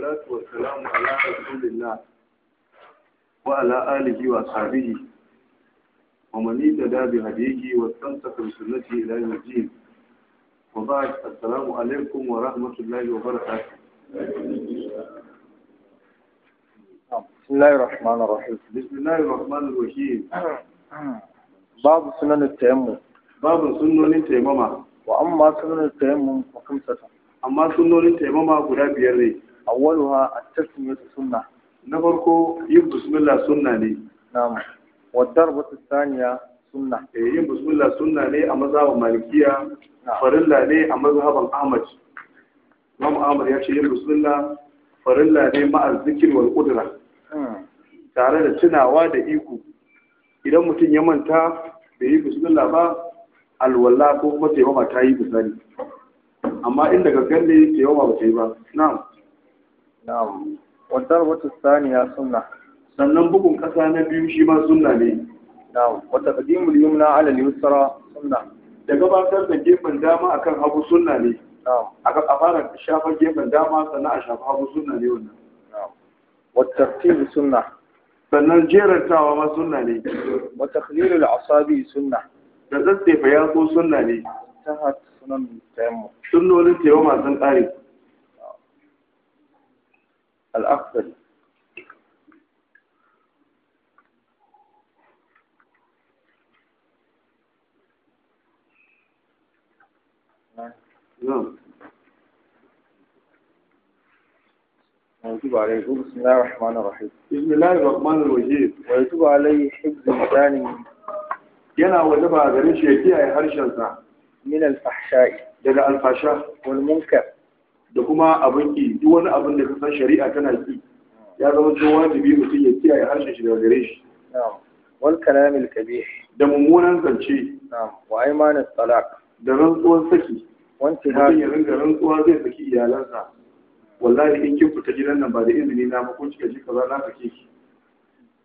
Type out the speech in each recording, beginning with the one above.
salatu wa salamu ala rasulillah wa ala alihi wa sahbihi wa man ittaba bi hadihi wa tamassaka bi sunnati ila yawm al-din wa ba'd assalamu alaykum wa rahmatullahi wa barakatuh بسم الله الرحمن الرحيم بسم الله الرحمن الرحيم باب سنن التيمم باب سنن التيمم واما سنن التيمم فخمسه اما سنن التيمم غدا بيار ne awwaluha at-tasmiyatu sunnah na farko yin bismillah sunna ne na'am wa darbatu thaniya sunna eh yin bismillah sunna ne a mazhabin malikiya farilla ne a mazhabin ahmad imam ahmad ya ce yin bismillah farilla ne ma'a zikir wal qudra hmm. tare da tunawa da iko idan mutum ya manta bai yi bismillah ba alwala ko kuma taimama ta yi misali amma inda gangan ne taimama ba ta yi ba na'am na'am wa darbatu thaniya sunna sannan bugun kasa na biyu shi ma sunna ne na'am Wata taqdimul yumna ala al-yusra sunna da gabatar da gefen dama akan hagu sunna ne a fara shafar gefen dama sannan a shafa hagu sunna ne wannan wa tartibi sunna sannan jerantawa ma sunna ne wa takhlilul asabi sunna da tsatsefa yatsu sunna ne ta hat sunan tayammu sunnonin tayammu sun kare الأفضل نعم ويتوب عليه بسم الله الرحمن الرحيم بسم الله الرحمن الرحيم ويتوب عليه حفظ لساني ينا وجب على ذلك شيء يا حرشنا من الفحشاء دل الفحشاء والمنكر da kuma abin ki duk wani abin da kasan shari'a tana ki ya zama cewa wajibi mutum ya kiyaye harshen shi daga gare shi wal kalamil kabih da mummunan zance wa aymanat talaq da rantsuwar saki wanti ha ya ringa rantsuwa zai saki iyalansa wallahi in kin fita gidan nan ba da izini na ba ko kika ji kaza na sake ki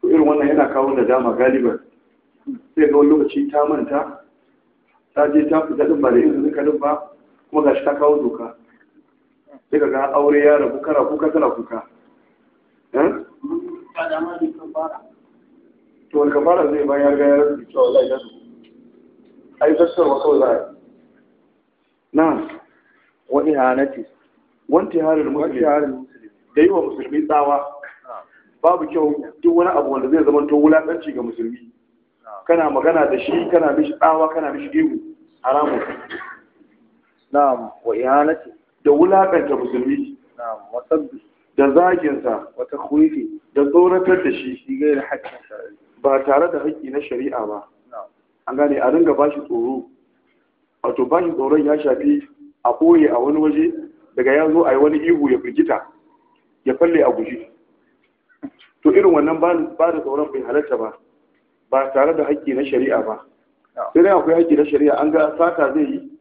to irin wannan yana kawo nadama galiban sai ga wani lokaci ta manta ta je ta fita din ba da izini ka din ba kuma gashi ta kawo doka sai ka ga aure ya rabu kana kuka tana kuka eh? to wani kafara zai bayan ga ya rasu cewa wallahi da su ai fassarwa kawai za a yi na wa ihanati wanti harin musulmi da yi wa musulmi tsawa babu kyau duk wani abu wanda zai zama to wulakanci ga musulmi kana magana da shi kana mishi tsawa kana mishi ihu haramun Na wa ihanati da wulaƙanta musulmi da zaginsa wata kuwifi da tsoratar da shi ba tare da haƙƙi na shari'a ba an gane a ringa bashi tsoro wato bashi tsoron ya shafi a ɓoye a wani waje daga ya zo a yi wani ihu ya firgita ya falle a guji to irin wannan ba da tsoron bai halarta ba ba tare da haƙƙi na shari'a ba sai dai akwai haƙƙi na shari'a an ga sata zai yi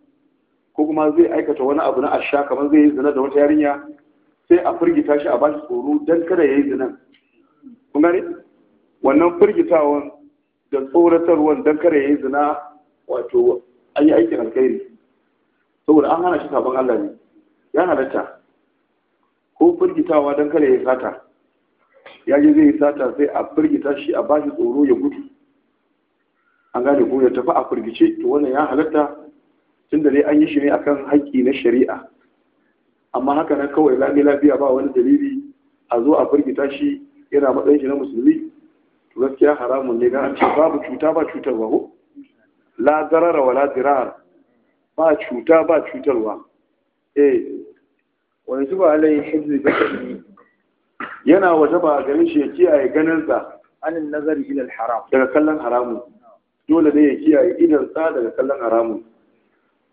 kuma zai aikata wani abu na asha kamar zai yi zina da wata yarinya sai a firgita shi a bashi tsoro don kada ya yi zinan kun gane wannan firgitawan da tsoratarwan don kada ya yi zina wato an yi aikin alkhairi saboda an hana shi sabon Allah ne ya halatta ko firgitawa don kada ya yi sata ya je zai yi sata sai a firgita shi a bashi tsoro ya gudu an gane ko ya tafi a firgice to wannan ya halatta tunda dai an yi shi ne akan haƙƙi na shari'a amma haka nan kawai lami lafiya ba wani dalili a zo a firgita shi yana matsayin shi na musulmi to gaskiya haramun ne dan an ce babu cuta ba cutarwa ko la zarara wa la dirar ba cuta ba cutarwa eh wa yajibu alai hizbi basari yana wajaba garin shi ya kiyaye ganinsa anin nazari ila haram daga kallon haramun dole ne ya kiyaye idan sa daga kallon haramun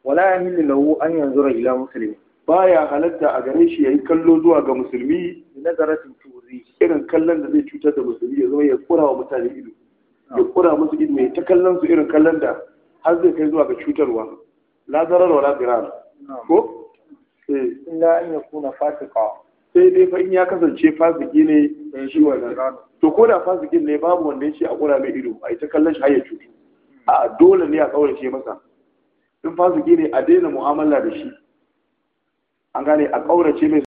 wala ya na lahu an yanzu yanzura ila Ba baya halatta a gare shi yayi kallo zuwa ga musulmi da nazaratin tuzi irin kallon da zai cutar da musulmi ya zama ya kura wa mutane ido ya kura musu ido mai ta kallon su irin kallon da har zai kai zuwa ga cutarwa la zarar wala dirar ko eh illa an yakuna fasika sai dai fa in ya kasance fasiki ne eh, shi wannan to ko da fasikin ne babu wanda ya ce a kura mai ido a ita kallon shi har ya cutu hmm. a dole ne a kaurace masa in fasiki ne a daina mu'amala da shi an gane a ƙaurace mai